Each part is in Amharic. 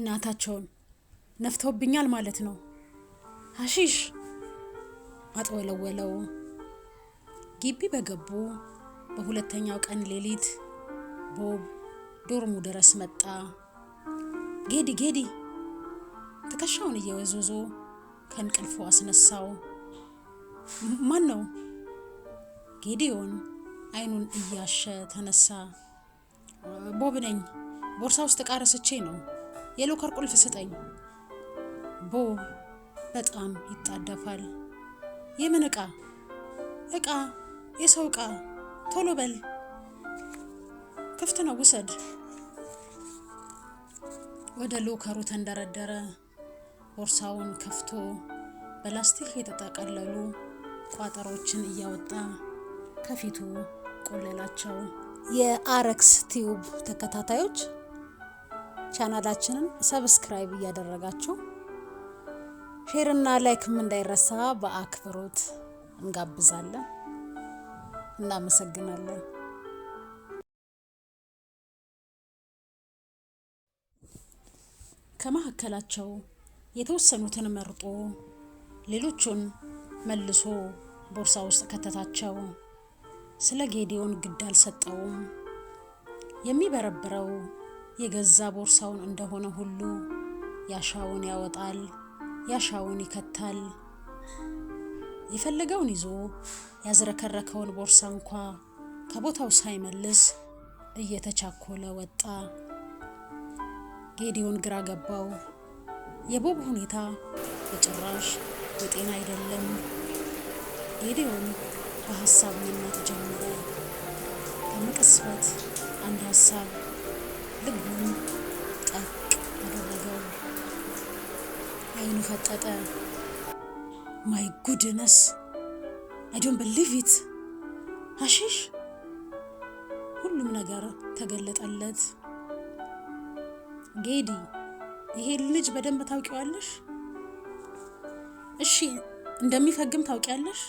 እናታቸውን ነፍተውብኛል ማለት ነው። ሀሺሽ አጥወለወለው። ግቢ በገቡ በሁለተኛው ቀን ሌሊት ቦብ ዶርሙ ድረስ መጣ። ጌዲ ጌዲ ትከሻውን እየወዘዞ ከእንቅልፉ አስነሳው። ማን ነው? ጌዲዮን አይኑን እያሸ ተነሳ። ቦብ ነኝ። ቦርሳ ውስጥ ቃረስቼ ነው የሎከር ቁልፍ ስጠኝ። ቦ በጣም ይጣደፋል። የምን እቃ እቃ? የሰው እቃ። ቶሎ በል፣ ክፍት ነው፣ ውሰድ። ወደ ሎከሩ ተንደረደረ። ቦርሳውን ከፍቶ በላስቲክ የተጠቀለሉ ቋጠሮችን እያወጣ ከፊቱ ቆለላቸው። የአረክስ ቲዩብ ተከታታዮች ቻናላችንን ሰብስክራይብ እያደረጋችሁ ሼርና ላይክም እንዳይረሳ በአክብሮት እንጋብዛለን። እናመሰግናለን። ከመካከላቸው የተወሰኑትን መርጦ ሌሎቹን መልሶ ቦርሳ ውስጥ ከተታቸው። ስለ ጌዲዮን ግድ አልሰጠውም። የሚበረብረው የገዛ ቦርሳውን እንደሆነ ሁሉ ያሻውን ያወጣል፣ ያሻውን ይከታል። የፈለገውን ይዞ ያዝረከረከውን ቦርሳ እንኳ ከቦታው ሳይመልስ እየተቻኮለ ወጣ። ጌዲዮን ግራ ገባው። የቦብ ሁኔታ በጭራሽ የጤና አይደለም። ጌዲዮን በሀሳብ መናት ጀመረ። በመቀስፈት አንድ ሀሳብ ልቡን ጠቅ አደረገው። አይኑ ፈጠጠ። ማይ ጉድነስ አይ ዶንት አሽሽ ኢት ሀሺሽ ሁሉም ነገር ተገለጠለት። ጌዲ ይሄ ልጅ በደንብ ታውቂዋለሽ? እሺ እንደሚፈግም ታውቂያለሽ?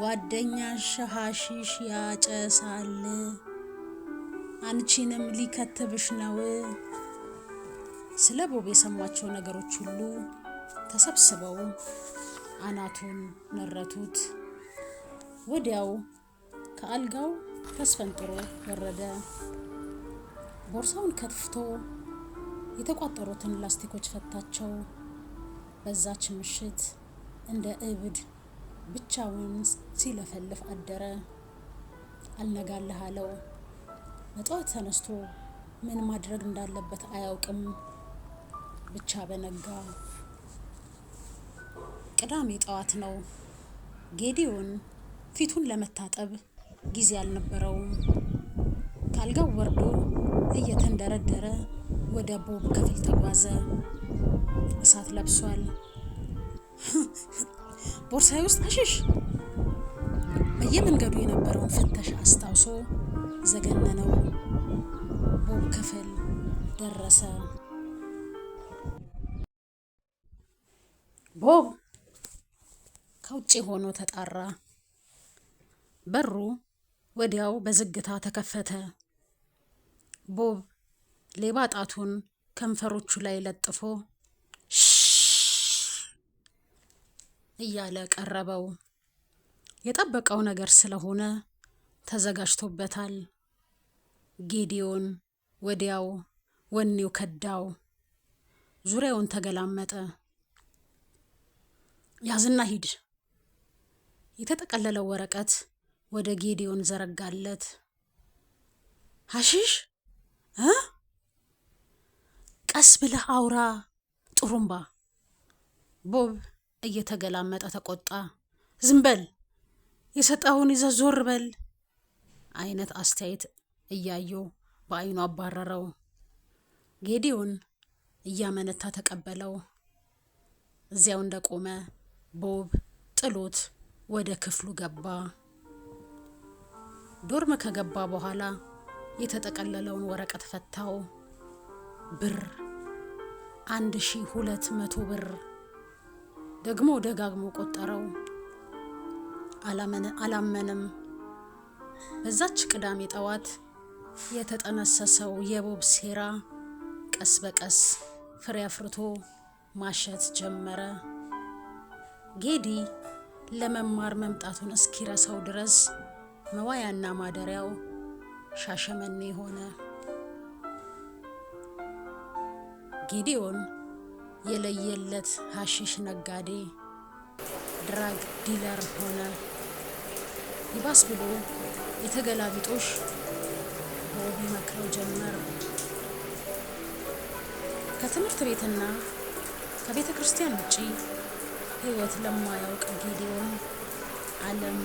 ጓደኛሽ ሀሺሽ ያጨሳል። አንቺንም ሊከትብሽ ነው። ስለ ቦብ ነገሮች ሁሉ ተሰብስበው አናቱን ነረቱት። ወዲያው ከአልጋው ተስፈንጥሮ ወረደ። ቦርሳውን ከትፍቶ የተቋጠሩትን ላስቲኮች ፈታቸው። በዛች ምሽት እንደ እብድ ብቻውን ሲለፈልፍ አደረ። አልነጋልህ አለው። በጠዋት ተነስቶ ምን ማድረግ እንዳለበት አያውቅም። ብቻ በነጋ ቅዳሜ ጠዋት ነው። ጌዲዮን ፊቱን ለመታጠብ ጊዜ አልነበረውም። ካልጋው ወርዶ እየተንደረደረ ወደ ቦብ ክፍል ተጓዘ። እሳት ለብሷል። ቦርሳዬ ውስጥ አሽሽ! በየመንገዱ የነበረውን ፍተሻ አስታውሶ ዘገነነው ቦብ ክፍል ደረሰ። ቦብ ከውጭ ሆኖ ተጣራ። በሩ ወዲያው በዝግታ ተከፈተ። ቦብ ሌባ ጣቱን ከንፈሮቹ ላይ ለጥፎ እያለ ቀረበው። የጠበቀው ነገር ስለሆነ ተዘጋጅቶበታል። ጌዲዮን ወዲያው ወኔው ከዳው፣ ዙሪያውን ተገላመጠ። ያዝና ሂድ። የተጠቀለለው ወረቀት ወደ ጌዲዮን ዘረጋለት። ሐሺሽ እ ቀስ ብለህ አውራ ጥሩምባ። ቦብ እየተገላመጠ ተቆጣ። ዝም በል፣ የሰጠኸውን ይዘህ ዞር በል አይነት አስተያየት እያየው በአይኑ አባረረው። ጌዲዮን እያመነታ ተቀበለው። እዚያው እንደቆመ ቦብ ጥሎት ወደ ክፍሉ ገባ። ዶርም ከገባ በኋላ የተጠቀለለውን ወረቀት ፈታው። ብር አንድ ሺ ሁለት መቶ ብር ደግሞ ደጋግሞ ቆጠረው። አላመንም። በዛች ቅዳሜ ጠዋት የተጠነሰሰው የቦብ ሴራ ቀስ በቀስ ፍሬ አፍርቶ ማሸት ጀመረ። ጌዲ ለመማር መምጣቱን እስኪረሳው ድረስ መዋያና ማደሪያው ሻሸመኔ ሆነ። ጌዲዮን የለየለት ሐሺሽ ነጋዴ ድራግ ዲለር ሆነ። ይባስ ብሎ የተገላቢጦሽ ብሎ ቢመክረው ጀመር። ከትምህርት ቤትና ከቤተ ክርስቲያን ውጪ ሕይወት ለማያውቅ ጊዲዮን ዓለም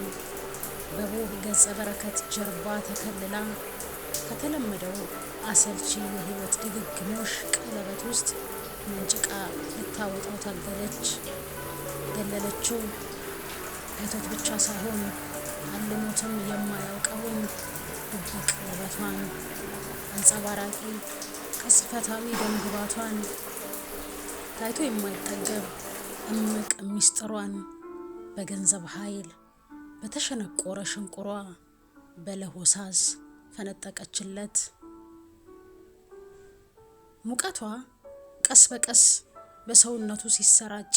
በቦብ ገጸ በረከት ጀርባ ተከልላ ከተለመደው አሰልቺ የሕይወት ድግግሞሽ ቀለበት ውስጥ መንጭቃ ልታወጣው ታገለች። ገለለችው። እህቶት ብቻ ሳይሆን አልሞትም የማያውቀውን የጥልፍ ቀለበቷን አንጸባራቂ ቅጽበታዊ ደምግባቷን ታይቶ የማይጠገብ እምቅ ሚስጥሯን በገንዘብ ኃይል በተሸነቆረ ሽንቁሯ በለሆሳስ ፈነጠቀችለት። ሙቀቷ ቀስ በቀስ በሰውነቱ ሲሰራጭ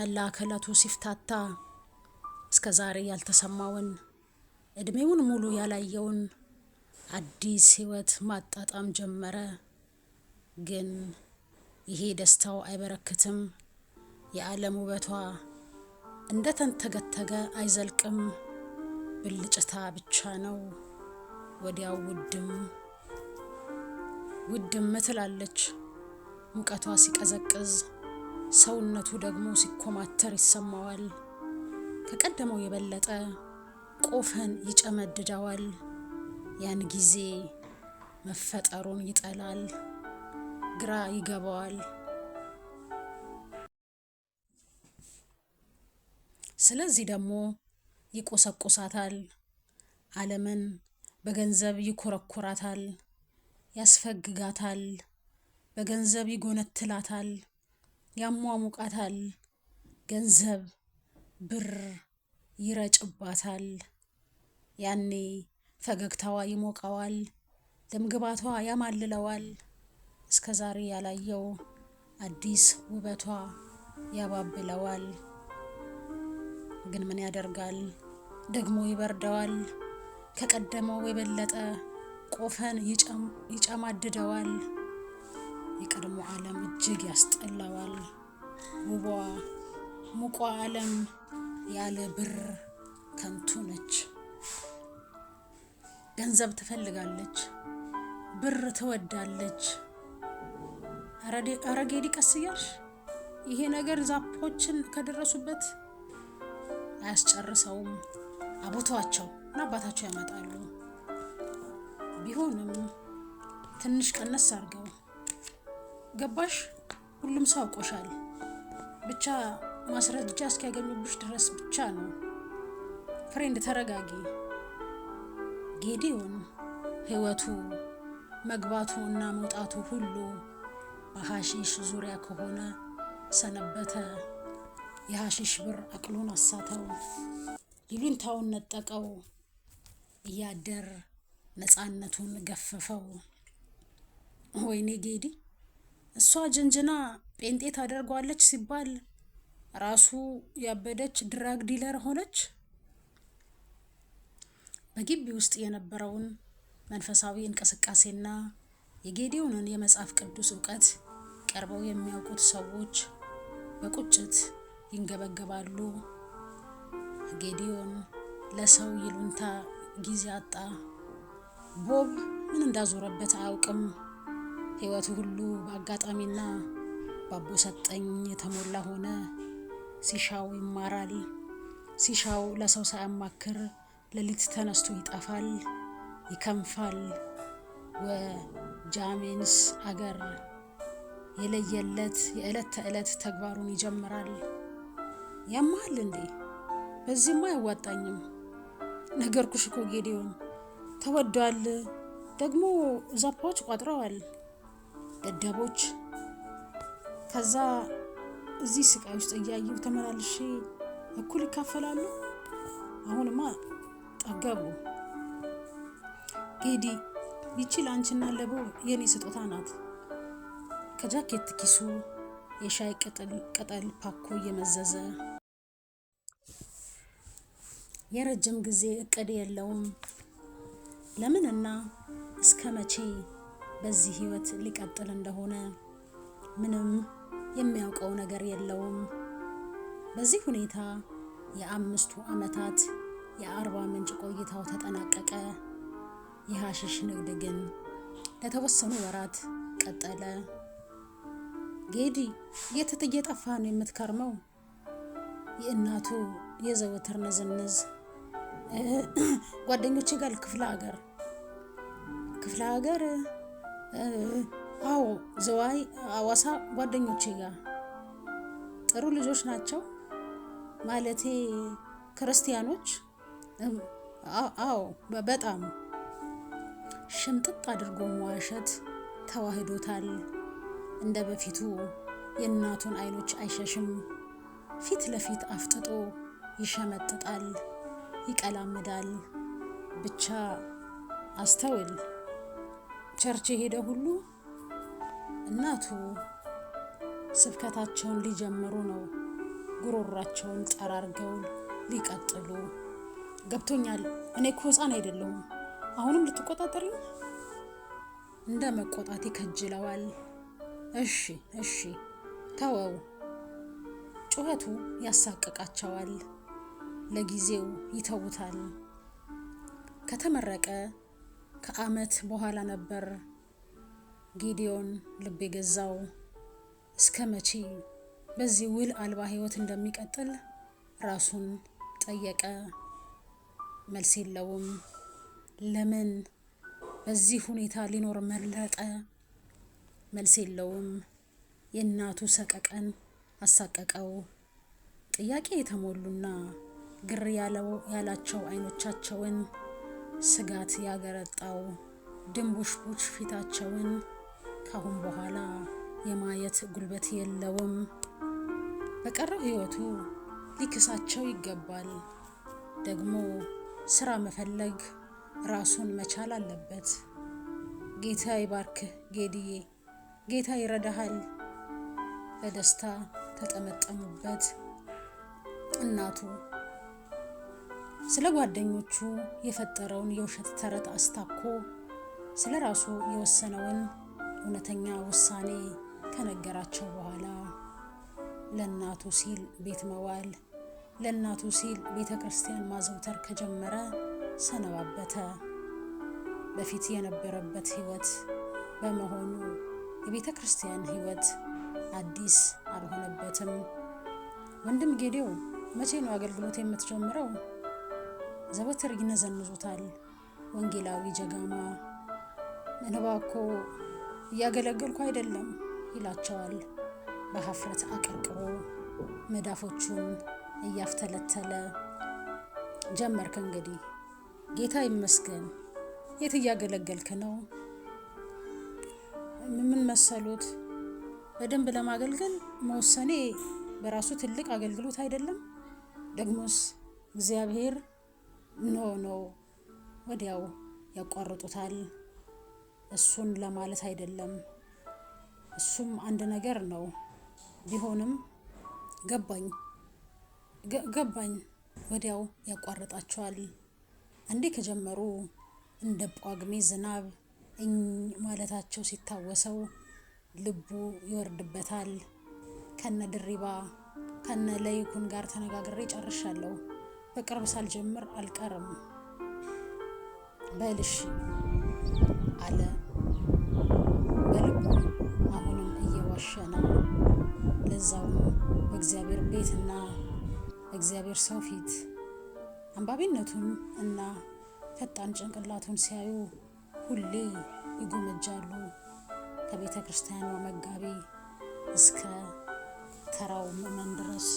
መላ አካላቱ ሲፍታታ እስከ ዛሬ ያልተሰማውን እድሜውን ሙሉ ያላየውን አዲስ ህይወት ማጣጣም ጀመረ። ግን ይሄ ደስታው አይበረክትም። የዓለም ውበቷ እንደ ተንተገተገ አይዘልቅም። ብልጭታ ብቻ ነው። ወዲያው ውድም ውድም ትላለች። ሙቀቷ ሲቀዘቅዝ ሰውነቱ ደግሞ ሲኮማተር ይሰማዋል። ከቀደመው የበለጠ ቆፈን ይጨመድደዋል። ያን ጊዜ መፈጠሩን ይጠላል፣ ግራ ይገባዋል። ስለዚህ ደግሞ ይቆሰቁሳታል፣ ዓለምን በገንዘብ ይኮረኩራታል፣ ያስፈግጋታል፣ በገንዘብ ይጎነትላታል፣ ያሟሙቃታል፣ ገንዘብ ብር ይረጭባታል። ያኔ ፈገግታዋ ይሞቀዋል፣ ደምግባቷ ያማልለዋል። እስከ ዛሬ ያላየው አዲስ ውበቷ ያባብለዋል። ግን ምን ያደርጋል ደግሞ ይበርደዋል። ከቀደመው የበለጠ ቆፈን ይጨማድደዋል። የቀድሞ ዓለም እጅግ ያስጠላዋል። ውቧ ሙቋ ዓለም ያለ ብር ከንቱ ነች። ገንዘብ ትፈልጋለች፣ ብር ትወዳለች። አረጌዲ ቀስ እያልሽ ይሄ ነገር ዛፖችን ከደረሱበት አያስጨርሰውም። አቦቷቸው እና አባታቸው ያመጣሉ። ቢሆንም ትንሽ ቀነስ አድርገው ገባሽ። ሁሉም ሰው አውቆሻል። ብቻ ማስረጃ እስኪያገኙብሽ ድረስ ብቻ ነው። ፍሬንድ ተረጋጊ። ጌዲዮን ህይወቱ መግባቱ እና መውጣቱ ሁሉ በሐሺሽ ዙሪያ ከሆነ ሰነበተ። የሐሺሽ ብር አቅሉን አሳተው፣ ይሉኝታውን ነጠቀው፣ እያደር ነፃነቱን ገፈፈው። ወይኔ ጌዲ እሷ ጀንጅና ጴንጤ ታደርጓለች ሲባል ራሱ ያበደች ድራግ ዲለር ሆነች። በግቢ ውስጥ የነበረውን መንፈሳዊ እንቅስቃሴና የጌዲዮንን የመጽሐፍ ቅዱስ እውቀት ቀርበው የሚያውቁት ሰዎች በቁጭት ይንገበገባሉ። ጌዲዮን ለሰው ይሉንታ ጊዜ አጣ። ቦብ ምን እንዳዞረበት አያውቅም። ሕይወቱ ሁሉ በአጋጣሚና በአቦሰጠኝ የተሞላ ሆነ። ሲሻው ይማራል። ሲሻው ለሰው ሳያማክር ሌሊት ተነስቶ ይጠፋል፣ ይከንፋል። ወጃሜንስ አገር የለየለት የዕለት ተዕለት ተግባሩን ይጀምራል። ያማሃል እንዴ? በዚህማ አያዋጣኝም። ነገርኩሽ እኮ ጌዲዮን ተወዷል። ደግሞ ዛፓዎች ቋጥረዋል፣ ደደቦች። ከዛ እዚህ ስቃይ ውስጥ እያየሁ ተመላልሼ እኩል ይካፈላሉ። አሁንማ ጠገቡ። ጌዲ ይቺ ለአንቺና ለቦ የኔ ስጦታ ናት። ከጃኬት ኪሱ የሻይ ቅጠል ፓኮ እየመዘዘ የረጅም ጊዜ እቅድ የለውም። ለምንና እስከ መቼ በዚህ ህይወት ሊቀጥል እንደሆነ ምንም የሚያውቀው ነገር የለውም። በዚህ ሁኔታ የአምስቱ ዓመታት የአርባ ምንጭ ቆይታው ተጠናቀቀ። የሐሽሽ ንግድ ግን ለተወሰኑ ወራት ቀጠለ። ጌዲ የትት እየጠፋ ነው የምትከርመው። የእናቱ የዘወትር ንዝንዝ ጓደኞች ጋር ክፍለ ሀገር ክፍለ ሀገር አዎ፣ ዘዋይ አዋሳ ጓደኞቼ ጋር ጥሩ ልጆች ናቸው ማለቴ ክርስቲያኖች አዎ በጣም ሽምጥጥ አድርጎ መዋሸት ተዋህዶታል። እንደ በፊቱ የእናቱን አይኖች አይሸሽም። ፊት ለፊት አፍጥጦ ይሸመጥጣል፣ ይቀላምዳል። ብቻ አስተውል፣ ቸርች የሄደ ሁሉ እናቱ ስብከታቸውን ሊጀምሩ ነው፣ ጉሮሯቸውን ጠራርገው ሊቀጥሉ ገብቶኛል። እኔ እኮ ህፃን አይደለሁም። አሁንም ልትቆጣጠሪ እንደ መቆጣት ይከጅለዋል። እሺ እሺ ተወው። ጩኸቱ ያሳቅቃቸዋል። ለጊዜው ይተውታል። ከተመረቀ ከአመት በኋላ ነበር ጌዲዮን ልብ የገዛው። እስከ መቼ በዚህ ውል አልባ ህይወት እንደሚቀጥል ራሱን ጠየቀ። መልስ የለውም። ለምን በዚህ ሁኔታ ሊኖር መረጠ? መልስ የለውም። የእናቱ ሰቀቀን አሳቀቀው። ጥያቄ የተሞሉና ግር ያላቸው አይኖቻቸውን፣ ስጋት ያገረጣው ድንቡሽቡሽ ፊታቸውን ካሁን በኋላ የማየት ጉልበት የለውም። በቀረው ሕይወቱ ሊክሳቸው ይገባል ደግሞ ስራ መፈለግ፣ ራሱን መቻል አለበት። ጌታ ይባርክህ ጌዲዬ፣ ጌታ ይረዳሃል። በደስታ ተጠመጠሙበት። እናቱ ስለ ጓደኞቹ የፈጠረውን የውሸት ተረት አስታኮ ስለ ራሱ የወሰነውን እውነተኛ ውሳኔ ከነገራቸው በኋላ ለእናቱ ሲል ቤት መዋል ለእናቱ ሲል ቤተ ክርስቲያን ማዘውተር ከጀመረ ሰነባበተ። በፊት የነበረበት ህይወት በመሆኑ የቤተ ክርስቲያን ህይወት አዲስ አልሆነበትም። ወንድም ጌዴው መቼ ነው አገልግሎት የምትጀምረው? ዘወትር ይነዘንዙታል። ወንጌላዊ ጀጋማ እንባ እያገለገልኩ አይደለም ይላቸዋል፣ በሀፍረት አቀርቅሮ መዳፎቹን እያፍተለተለ ጀመርክ። እንግዲህ ጌታ ይመስገን። የት እያገለገልክ ነው? ምን መሰሉት፣ በደንብ ለማገልገል መወሰኔ በራሱ ትልቅ አገልግሎት አይደለም? ደግሞስ እግዚአብሔር ኖ ኖ ወዲያው ያቋርጡታል። እሱን ለማለት አይደለም። እሱም አንድ ነገር ነው። ቢሆንም ገባኝ። ገባኝ። ወዲያው ያቋርጣቸዋል። አንዴ ከጀመሩ እንደ ጳጉሜ ዝናብ እኝ ማለታቸው ሲታወሰው ልቡ ይወርድበታል። ከነ ድሪባ ከነ ለይኩን ጋር ተነጋግሬ ጨርሻለሁ። በቅርብ ሳልጀምር አልቀርም በልሽ አለ። በልቡ አሁንም እየዋሸ ነው። ለዛውም በእግዚአብሔር ቤትና እግዚአብሔር ሰው ፊት አንባቢነቱን እና ፈጣን ጭንቅላቱን ሲያዩ ሁሌ ይጎመጃሉ። ከቤተ ክርስቲያኗ መጋቢ እስከ ተራው ምዕመን ድረስ